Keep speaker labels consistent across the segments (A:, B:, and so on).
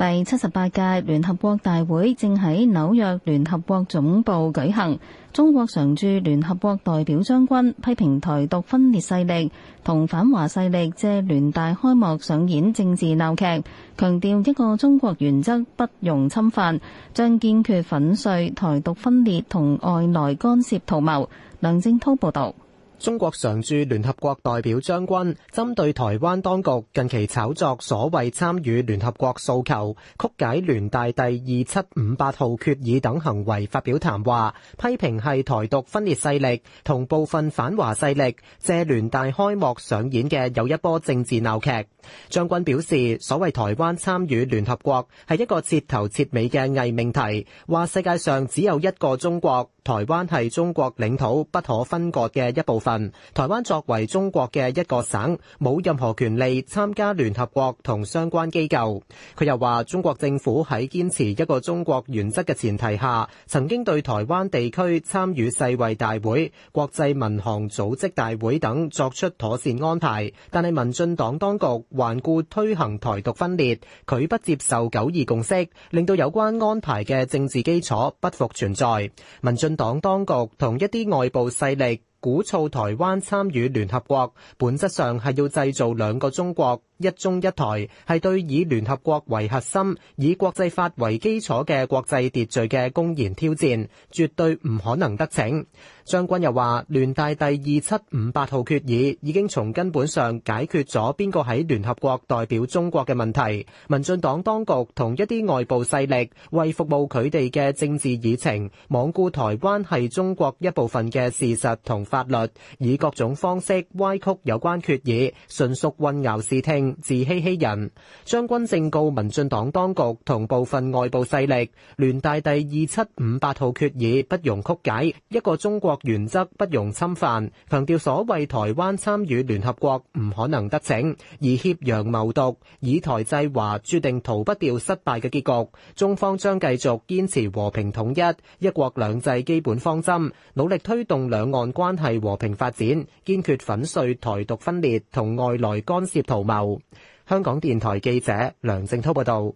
A: 第七十八屆聯合國大會正喺紐約聯合國總部舉行，中國常駐聯合國代表張軍批評台獨分裂勢力同反華勢力借聯大開幕上演政治鬧劇，強調一個中國原則不容侵犯，將堅決粉碎台獨分裂同外來干涉圖謀。梁正濤報道。
B: 中國常駐聯合國代表張軍，針對台灣當局近期炒作所謂參與聯合國訴求，曲解聯大第2758號決議等行為發表談話，批評是台獨分裂勢力，同部分反華勢力，借聯大開幕上演的有一波政治鬧劇。張軍表示，所謂台灣參與聯合國，是一個徹頭徹尾的偽命題，說世界上只有一個中國，台灣是中國領土不可分割的一部分。台灣作為中國嘅一個省，冇任何權利參加聯合國同相關機構。佢又話，中國政府喺堅持一個中國原則嘅前提下，曾經對台灣地區參與世衛大會、國際民航組織大會等作出妥善安排。但係民進黨當局頑固推行台獨分裂，拒不接受九二共識，令到有關安排嘅政治基礎不復存在。民進黨當局同一啲外部勢力。鼓噪台灣參與聯合國，本質上係要製造兩個中國，一中一台，係對以聯合國為核心、以國際法為基礎嘅國際秩序嘅公然挑戰，絕對唔可能得逞。張軍又話：聯大第二七五八號決議已經從根本上解決咗邊個喺聯合國代表中國嘅問題。民進黨當局同一啲外部勢力為服務佢哋嘅政治議程，罔顧台灣係中國一部分嘅事實同法律，以各種方式歪曲有關決議，純屬混淆視聽、自欺欺人。張軍正告民進黨當局同部分外部勢力：聯大第二七五八號決議不容曲解，一個中國原則不容侵犯，強調所謂台灣參與聯合國唔可能得逞，而挾洋謀獨、以台制華注定逃不掉失敗嘅結局。中方將繼續堅持和平統一、一國兩制基本方針，努力推動兩岸關係和平發展，堅決粉碎台獨分裂同外來干涉圖謀。香港電台記者梁正濤報道。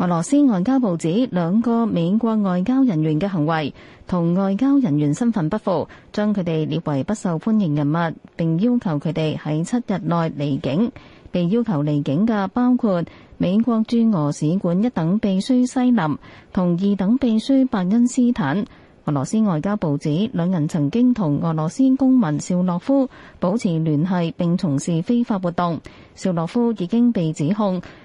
A: 俄羅斯外交部指，兩個美國外交人員嘅行為同外交人員身份不符，將佢哋列為不受歡迎人物，並要求佢哋喺七日內離境。被要求離境嘅包括美國駐俄使館一等秘書西林同二等秘書伯恩斯坦。俄羅斯外交部指，兩人曾經同俄羅斯公民邵洛夫保持聯繫，並從事非法活動。邵洛夫已經被指控。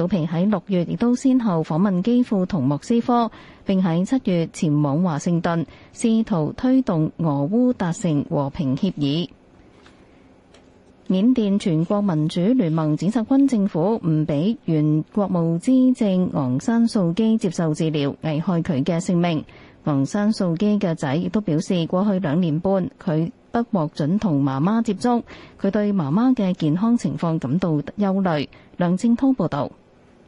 A: 早平喺六月亦都先後訪問基輔同莫斯科，並喺七月前往華盛頓，試圖推動俄烏達成和平協議。緬甸全國民主聯盟指責軍政府唔俾原國務資政昂山素姬接受治療，危害佢嘅性命。昂山素姬嘅仔亦都表示，過去兩年半佢不獲准同媽媽接觸，佢對媽媽嘅健康情況感到憂慮。梁清濤報道。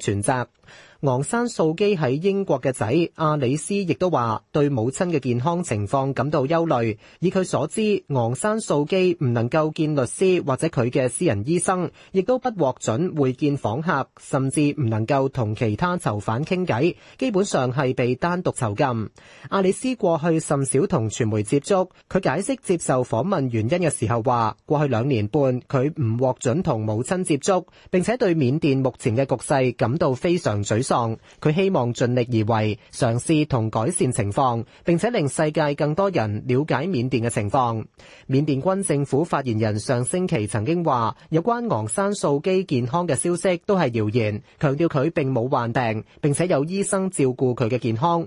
B: 全責。昂山素基喺英國嘅仔阿里斯亦都話對母親嘅健康情況感到憂慮。以佢所知，昂山素基唔能夠見律師或者佢嘅私人醫生，亦都不獲准會見訪客，甚至唔能夠同其他囚犯傾偈，基本上係被單獨囚禁。阿里斯過去甚少同傳媒接觸。佢解釋接受訪問原因嘅時候話，過去兩年半佢唔獲准同母親接觸，並且對緬甸目前嘅局勢感到非常沮喪。佢希望盡力而為，嘗試同改善情況，並且令世界更多人了解緬甸嘅情況。緬甸軍政府發言人上星期曾經話，有關昂山素姬健康嘅消息都係謠言，強調佢並冇患病，並且有醫生照顧佢嘅健康。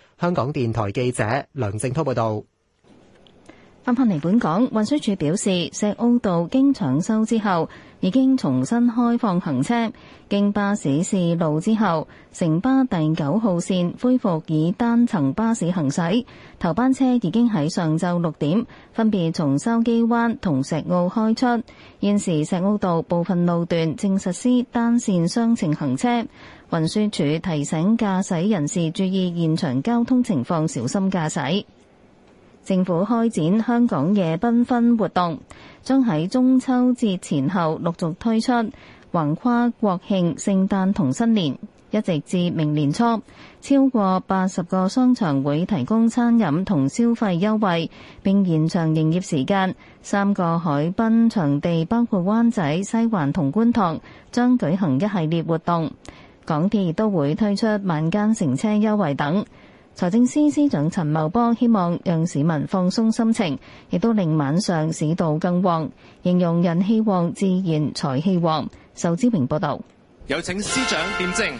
B: 香港電台記者梁正濤報道。
A: 翻返嚟本港，運輸署表示，石澳道經搶修之後已經重新開放行車，經巴士試路之後，城巴第九號線恢復以單層巴士行駛，頭班車已經喺上晝六點分別從筲箕灣同石澳開出。現時石澳道部分路段正實施單線雙程行車，運輸署提醒駕駛人士注意現場交通情況，小心駕駛。政府開展香港夜繽紛活動，將喺中秋節前後陸續推出，橫跨國慶、聖誕同新年，一直至明年初。超過八十個商場會提供餐飲同消費優惠，並延長營業時間。三個海濱場地包括灣仔、西環同觀塘，將舉行一系列活動。港鐵亦都會推出晚間乘車優惠等。財政司司長陳茂波希望讓市民放鬆心情，亦都令晚上市道更旺，形容人氣旺自然財氣旺。仇志榮報道。
C: 有請司長點正。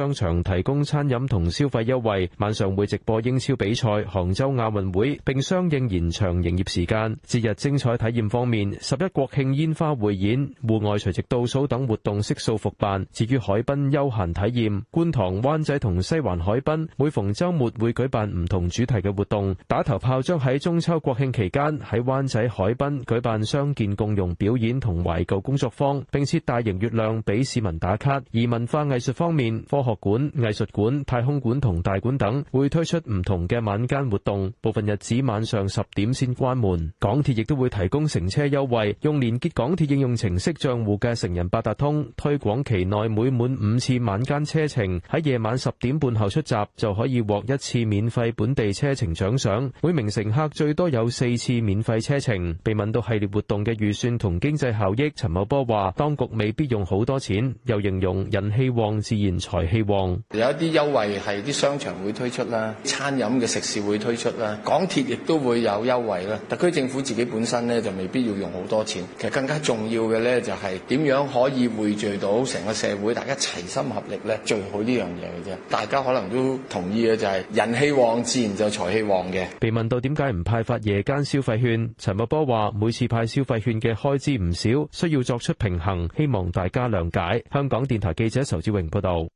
C: 商場提供餐飲同消費優惠，晚上會直播英超比賽、杭州亞運會，並相應延長營業時間。節日精彩體驗方面，十一國慶煙花匯演、戶外除夕倒數等活動悉數復辦。至於海濱休閒體驗，觀塘、灣仔同西環海濱每逢周末會舉辦唔同主題嘅活動。打頭炮將喺中秋國慶期間喺灣仔海濱舉辦傷健共融表演同懷舊工作坊，並設大型月亮俾市民打卡。而文化藝術方面，科學博物館、藝術館、太空館同大館等會推出唔同嘅晚間活動，部分日子晚上十點先關門。港鐵亦都會提供乘車優惠，用連接港鐵應用程式賬戶嘅成人八達通推廣期內每滿五次晚間車程喺夜晚十點半後出閘就可以獲一次免費本地車程獎賞，每名乘客最多有四次免費車程。被問到系列活動嘅預算同經濟效益，陳茂波話當局未必用好多錢，又形容人氣旺自然財氣旺有一啲優惠係啲商場會推出啦，餐飲嘅食肆會推出啦，港鐵亦都會有優惠啦。特區政府自己本身咧就未必要用好多錢。其實更加重要嘅咧就係點樣可以匯聚到成個社會，大家齊心合力咧，最好呢樣嘢嘅啫。大家可能都同意嘅就係人氣旺，自然就財氣旺嘅。被問到點解唔派發夜間消費券，陳茂波話每次派消費券嘅開支唔少，需要作出平衡，希望大家諒解。香港電台記者仇志榮報道。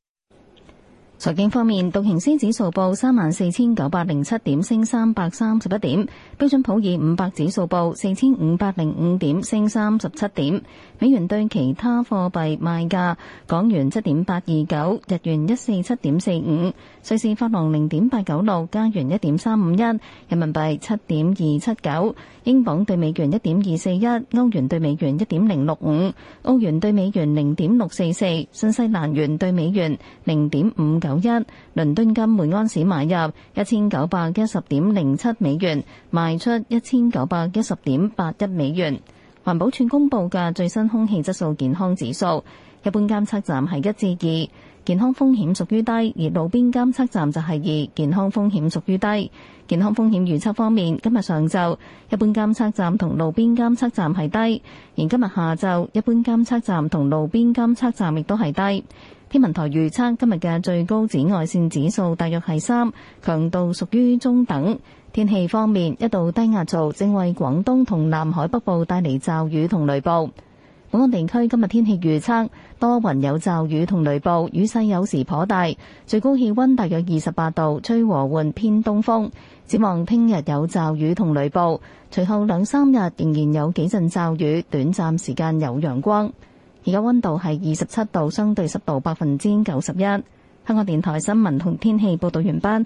A: 財經方面，道瓊斯指數報三萬四千九百零七點，升三百三十一點；標準普爾五百指數報四千五百零五點，升三十七點。美元對其他貨幣賣價：港元七點八二九，日元一四七點四五，瑞士法郎零點八九六，加元一點三五一，人民幣七點二七九，英鎊對美元一點二四一，歐元對美元一點零六五，澳元對美元零點六四四，新西蘭元對美元零點五九。一倫敦金每安士買入一千九百一十點零七美元，賣出一千九百一十點八一美元。環保署公布嘅最新空氣質素健康指數，一般監測站係一至二，健康風險屬於低；而路邊監測站就係二，健康風險屬於低。健康風險預測方面，今日上晝一般監測站同路邊監測站係低，而今日下晝一般監測站同路邊監測站亦都係低。天文台預測今日嘅最高紫外線指數大約係三，強度屬於中等。天氣方面，一道低壓槽正為廣東同南海北部帶嚟驟雨同雷暴。本港地區今日天氣預測多雲有驟雨同雷暴，雨勢有時頗大，最高氣溫大約二十八度，吹和緩偏東風。展望聽日有驟雨同雷暴，隨後兩三日仍然有幾陣驟雨，短暫時間有陽光。而家溫度係二十七度，相對濕度百分之九十一。香港電台新聞同天氣報道完畢。